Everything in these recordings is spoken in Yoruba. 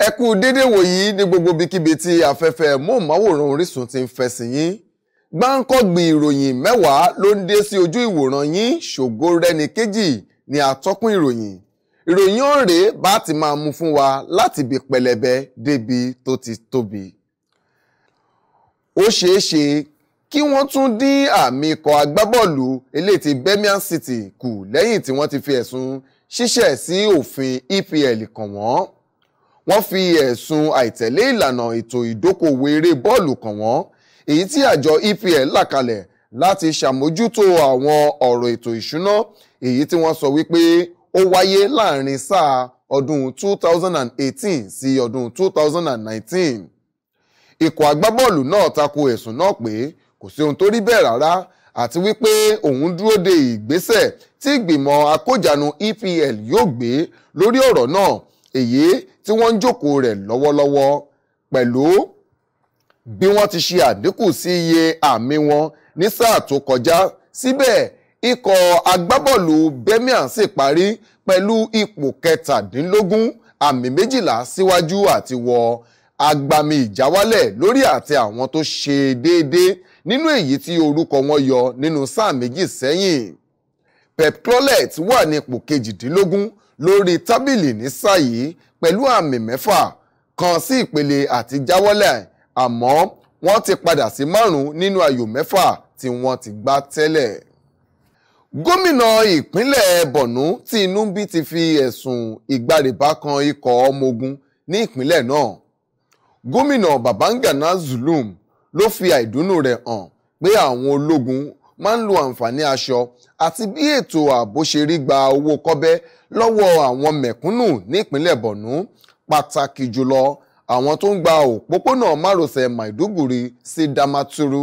ẹ kú dédé wòyí ní gbogbo bikíbi tí afẹ́fẹ́ móhùnmáwòrán Orísun ti ń fẹsìn yín gbáǹkọ́gbìn ìròyìn mẹ́wàá ló ń dé sí ojú ìwòran yín ṣògo rẹni kejì ní atọ́kùn ìròyìn ìròyìn ọ̀rẹ́ bá ti máa mú fún wa láti ibi pẹlẹbẹ débi tó ti tóbi. ó ṣeé ṣe kí wọ́n tún dín àmì ikọ̀ agbábọ́ọ̀lù eléyìí ti Birmingham City kù lẹ́yìn tí wọ́n ti fi ẹ̀sùn ṣíṣẹ̀ sí òfin EPL kàn wọ́n wọ́n fi ẹ̀sùn àìtẹ̀lé ìlànà ètò ìdókòwò eré bọ́ọ̀lù kàn wọ́n èyí tí àjọ EPL là kalẹ̀ láti ṣàmójútó àwọn ọ̀rọ̀ ètò ìṣúná èyí tí wọ́n sọ wípé ó wáyé láàrin sáà ọdún 2018 sí ọdún 2019 ikọ̀ agbábọ́ọ̀lù náà tako ẹ̀sùn náà pé kò sí ohun tó rí bẹ́ẹ̀ rárá àti wípé òun dúró de ìgbésẹ̀ tí ìgbìmọ̀ akójànú EPL yóò gbé lórí ọ̀rọ̀ náà èyí tí wọ́n ń jókòó rẹ̀ lọ́wọ́lọ́wọ́ pẹ̀lú bí wọ́n ti ṣe àdínkù sí iye àmì wọn ní sáà tó kọjá síbẹ̀ ikọ̀ agbábọ́ọ̀lù Birmingham sì parí pẹ̀lú ipò kẹtàdínlógún àmì méjìlá síwájú àti wọ agbami ìjáwálẹ̀ lórí àtẹ àwọn tó ṣe déédéé nínú èyí tí orúkọ wọn yọ nínú sáà méjì sẹ́yìn Pep Clollet wà ní ipò kejìdínlógún lórí tábìlì nísàyí pẹ̀lú àmì mẹ́fà kan sí ìpele àti jáwọ́lẹ̀ àmọ́ wọ́n ti padà sí márùn-ún nínú ayò mẹ́fà tí wọ́n ti gbá tẹ́lẹ̀. gómìnà ìpínlẹ̀ bọ̀nú tí inú bí ti fi ẹ̀sùn ìgbàrèbá kan ikọ̀ ọmọ ogun ní ìpínlẹ̀ náà gómìnà Babangana Zulum ló fi àìdùnnú rẹ̀ hàn pé àwọn ológun máa ń lo àǹfààní aṣọ àti bí ètò ààbò ṣe rí gba owó kọ́bẹ́ lọ́wọ́ àwọn mẹ̀kúnnù nípínlẹ̀ Borno pàtàkì jùlọ àwọn tó ń gba òpópónà márosẹ̀ Maiduguri sí Damaturu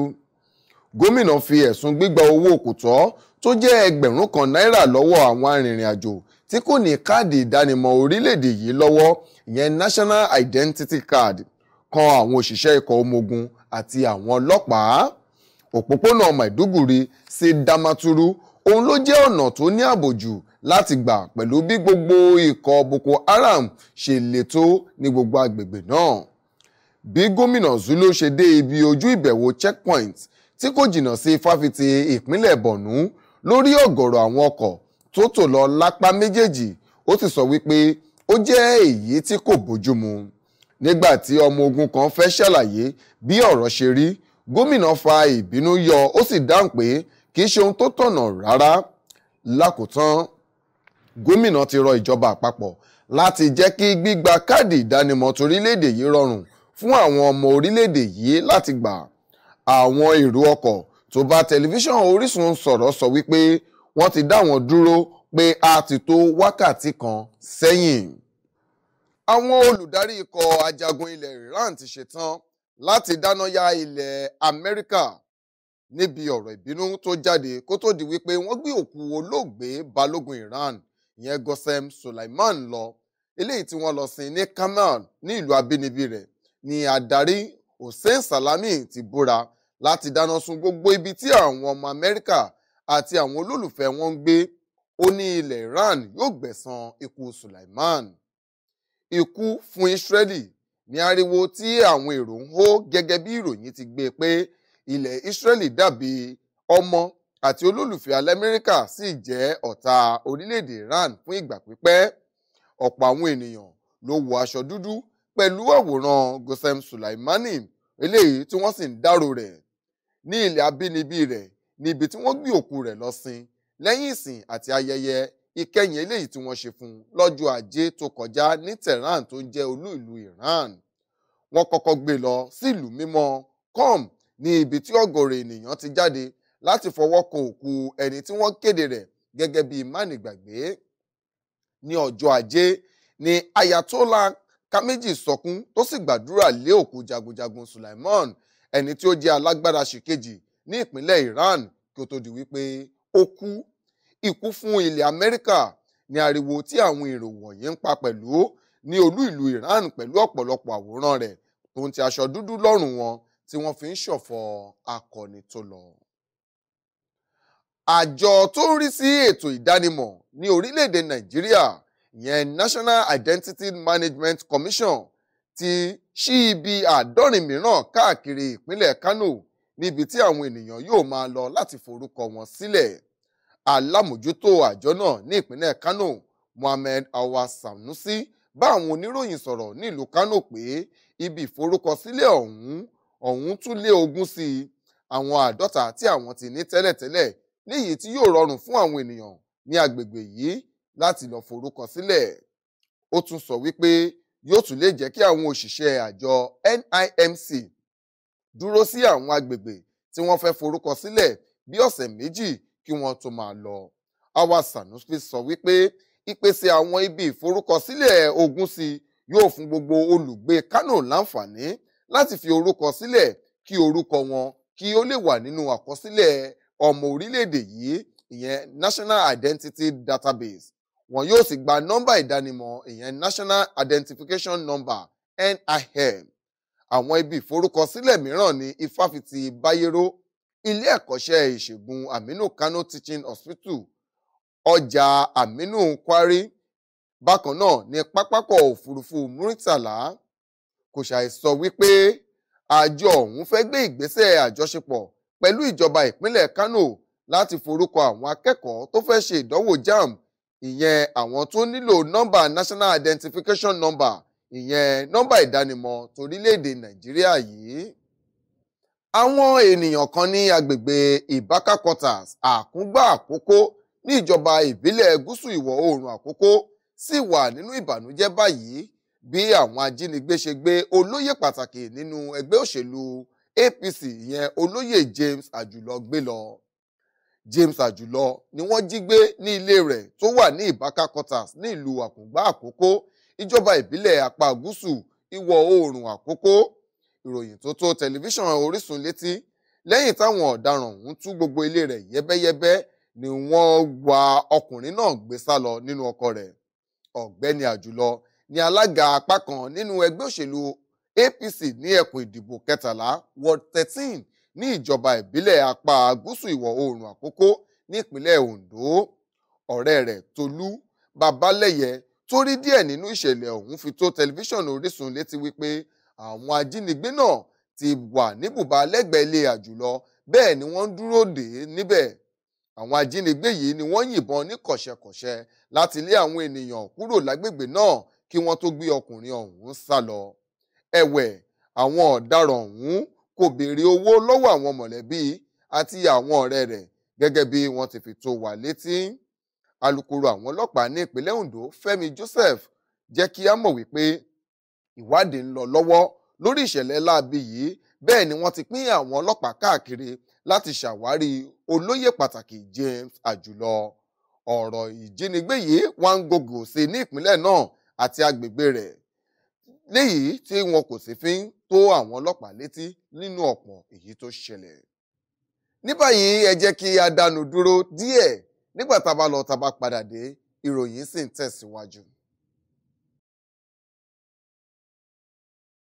gómìnà fi ẹ̀sùn gbígba owó kò tọ́ tó jẹ́ ẹgbẹ̀rún kan náírà lọ́wọ́ àwọn arìnrìn-àjò tí kò ní káàdì ìdánimọ̀ orílẹ̀-èdè yìí lọ́wọ́ ìyẹn national identity card kan àwọn òṣìṣẹ́ ikọ̀ ọmọ ogun àti àwọn ọlọ́pàá òpópónà Maiduguri sí Damaturu òun ló jẹ́ ọ̀nà tó ní ààbò láti gbà pẹ̀lú bí gbogbo ikọ̀ Boko Haram ṣe le tó ní gbogbo agbègbè náà bí gómìnà Zulio ṣe dé ibi ojú ìbẹ̀wò checkpoint tí kò jìnnà sí fáfitì ìpínlẹ̀ Borno lórí ọ̀gọ̀rọ̀ àwọn ọkọ̀ tó tò lọ lápá méjèèjì ó sì sọ wípé ó jẹ́ èyí tí kò bójúmu nígbà tí ọmọ ogun kan fẹ́ ṣàlàyé bí ọ̀rọ̀ ṣe rí gómìnà fa ìbínú yọ ó sì dáhùn pé kì í ṣe ohun tó tọ̀nà rárá lákòótán gómìnà ti rọ ìjọba àpapọ̀ láti jẹ́ kí gbígba káàdì ìdánimọ̀ torílẹ̀-èdè yìí rọrùn fún àwọn ọmọ orílẹ̀-èdè yìí láti gbà àwọn èrò ọkọ̀ tó bá tẹlifíṣàn Orísun sọ̀rọ̀ sọ wípé wọ́n ti dá wọn dúró pé a ti tó wákàtí kan sẹ́yìn. àwọn olùdarí ikọ̀ ajagun ilẹ̀ Iran ti ṣetán láti dáná ya ilẹ̀ Amẹ́ríkà níbi ọ̀rọ̀ ìbínú tó jáde kó tó di wípé wọ́n gbé òkú olóògbé balógun Iran ìyẹn Gosem Suleiman lọ eléyìí tí wọ́n lọ sin ní Kamal ní ìlú abínibí rẹ̀ ni adarí Hossein Salami ti búra láti dáná sun gbogbo ibi tí àwọn ọmọ Amẹ́ríkà àti àwọn olólùfẹ́ wọn ń gbé ó ní ilẹ̀ Iran yóò gbẹ̀san ikú Suleiman ikú fún Israeli ní ariwo tí àwọn èrò ń hó gẹ́gẹ́ bí ìròyìn ti gbé e pé ilẹ̀ Ísírẹ́lì dàbí ọmọ àti olólùfẹ́ alẹ́míríkà sì jẹ́ ọ̀tá orílẹ̀-èdè Iran fún ìgbà pípẹ́ ọ̀pọ̀ àwọn ènìyàn ló wọ aṣọ dúdú pẹ̀lú àwòrán Gosem Sulaimani eléyìí tí wọ́n sì ń dárò rẹ̀ ní ilẹ̀ abínibí rẹ̀ ní tí wọ́n gbé òkú rẹ̀ lọ sin lẹ́yìn ìsìn àti ayẹyẹ ìkẹyìn eléyìí tí wọ́n ṣe fún un lọ́jọ́ ajé tó kọjá ní Tehran tó jẹ́ olú ìlú Iran wọ́n kọ́kọ́ gbé lọ sílùú mímọ́ com ní ibi tí ọ̀gọ̀rọ̀ ènìyàn ti jáde láti fọwọ́ kan òkú ẹni tí wọ́n kéde rẹ̀ gẹ́gẹ́ bíi mánigbàgbé ní ọjọ́ ajé ni Ayatollah Kameji sọkún tó sì gbàdúrà lé òkú jagunjagun Sulaiman ẹni tí ó jẹ́ alágbára ṣìkejì ní ìpínlẹ̀ Iran kí ó tó di wípé ó kú ikú fún ilẹ̀ Amẹ́ríkà ní ariwo tí àwọn èrò wọ̀nyí ń pa pẹ̀lú ní olú ìlú Iran pẹ̀lú ọ̀pọ̀lọpọ̀ àwòrán rẹ̀ tó ń ti aṣọ dúdú lọ́rùn wọn tí wọ́n fi ń ṣọ̀fọ̀ akọni tó lọ. Àjọ tó ń rí sí ètò ìdánimọ̀ ní orílẹ̀-èdè Nàìjíríà ìyẹn National Identity Management Commission ti ṣí ibi àádọ́rin mìíràn káàkiri ìpínlẹ̀ Kano níbi tí àwọn ènìyàn yóò máa lọ láti forúkọ wọn sílẹ̀. Si alámòjútó àjọ náà ní ìpínlẹ̀ Kánò Mohammed Awa Sanusi bá àwọn oníròyìn sọ̀rọ̀ nílùú Kánò pé ibi ìforúkọsílẹ̀ ọ̀hún ọ̀hún tún lé ogún sí i àwọn àádọ́ta tí àwọn ti ní tẹ́lẹ̀tẹ́lẹ̀ níyìí tí yóò rọrùn fún àwọn ènìyàn ní agbègbè yìí láti lọ forúkọ ó tún sọ wípé yóò tún lè jẹ́ kí àwọn òṣìṣẹ́ àjọ NIMC dúró sí àwọn agbègbè tí wọ́n fẹ́ forúkọ bí ọ̀sẹ̀ méjì kí wọ́n tó máa lọ. Awa Sanusi sọ wípé ìpèsè àwọn ibi ìforúkọsílẹ̀ ogún sí yóò fún gbogbo olùgbé Kánò láǹfààní láti fi orúkọ sílẹ̀ kí orúkọ wọn kí ó lè wà nínú àkọsílẹ̀ ọmọ orílẹ̀-èdè yìí ìyẹn National Identity Database wọn yóò sì gba nọ́mbà ìdánimọ̀ ìyẹn National Identification Number NIN àwọn ibi ìforúkọsílẹ̀ mìíràn ní ifáfitì Bayero ilé ẹ̀kọ́ṣẹ́ ìṣègùn Aminu Kano Teaching Hospital ọjà Aminu Kwari bákan náà ní pápákọ̀ òfurufú Muritala kò ṣàì sọ wípé àjọ ọ̀hún fẹ́ gbé ìgbésẹ̀ àjọṣepọ̀ pẹ̀lú ìjọba ìpínlẹ̀ Kano láti forúkọ àwọn akẹ́kọ̀ọ́ tó fẹ́ ṣe ìdánwò JAMB ìyẹn àwọn tó nílò nọ́mbà national identification number ìyẹn nọ́mbà ìdánimọ̀ torílẹ̀-èdè Nàìjíríà yìí àwọn ènìyàn kan ní agbègbè Ibaka quarters àkúngbà àkókó ní ìjọba ìbílẹ̀ gúúsù ìwọ̀ oòrùn àkókó sì wà nínú ìbànújẹ́ báyìí bí àwọn ajínigbé ṣe gbé olóyè pàtàkì nínú ẹgbẹ́ òṣèlú APC ìyẹn olóyè James Àjùlọ gbé lọ James Àjùlọ ni wọ́n jí gbé ní ilé rẹ̀ tó wà ní Ibaka quarters ní ìlú àkúngbà àkókó ìjọba ìbílẹ̀ apá gúúsù ìwọ̀ oòrùn àkókó ìròyìn tó tó tẹlifíṣàn Orísun létí lẹ́yìn táwọn ọ̀daràn ọ̀hún tú gbogbo ilé rẹ̀ yẹ́bẹ́yẹ́bẹ́ ni wọ́n wa ọkùnrin náà gbé sá lọ nínú ọkọ̀ rẹ̀ ọ̀gbẹ́ni àjùlọ ni alága apá kan nínú ẹgbẹ́ òṣèlú APC ní ẹkùn ìdìbò kẹtàlá ward thirteen ní ìjọba ìbílẹ̀ apá gúúsù ìwọ̀ oòrùn àkókó nípínlẹ̀ Ondo ọ̀rẹ́ rẹ̀ Tolú Babalẹ́yẹ tó rí díẹ̀ nínú ìṣẹ̀lẹ̀ ọ̀hún fi tó tẹlifíṣàn Orísun létí wípé àwọn ajínigbé náà ti wà níbùba lẹ́gbẹ̀ẹ́ ilé àjùlọ bẹ́ẹ̀ ni wọ́n ń dúró dè é níbẹ̀ àwọn ajínigbé yìí ni wọ́n yìnbọn ní kọ̀ṣẹ̀kọ̀ṣẹ̀ láti lé àwọn ènìyàn kúrò lágbègbè náà kí wọ́n tó gbé ọkùnrin ọ̀hún sá lọ ẹ̀wẹ̀ àwọn ọ̀daràn ọ̀hún kò béèrè owó lọ́wọ́ àwọn mọ̀lẹ́bí àti àwọn ọ̀rẹ́ rẹ̀ gẹ́gẹ́ bí wọ́n ti fi tó wà létí alukoro àwọn ọlọ́pàá ní ìpínlẹ̀ Ondo Fẹ́mi Joseph jẹ́ kí á mọ̀ wípé ìwádìí ń lọ lọ́wọ́ lórí ìṣẹ̀lẹ̀ láabi yìí bẹ́ẹ̀ ni wọ́n ti pín àwọn ọlọ́pàá káàkiri láti ṣàwárí olóyè pàtàkì James Àjùlọ ọ̀rọ̀ ìjínigbé yìí wá ń gògò sí ní ìpínlẹ̀ náà àti agbègbè rẹ̀ léyìí tí wọn kò sì fi ń tó àwọn ọlọ́pàá létí nínú ọ̀pọ̀ èyí tó ṣẹlẹ̀. ní báyìí ẹ jẹ́ kí a dánu dúró díẹ̀ nígbà tá a bá lọ tá a bá padà dé ìròyìn sì ń tẹ̀síwájú.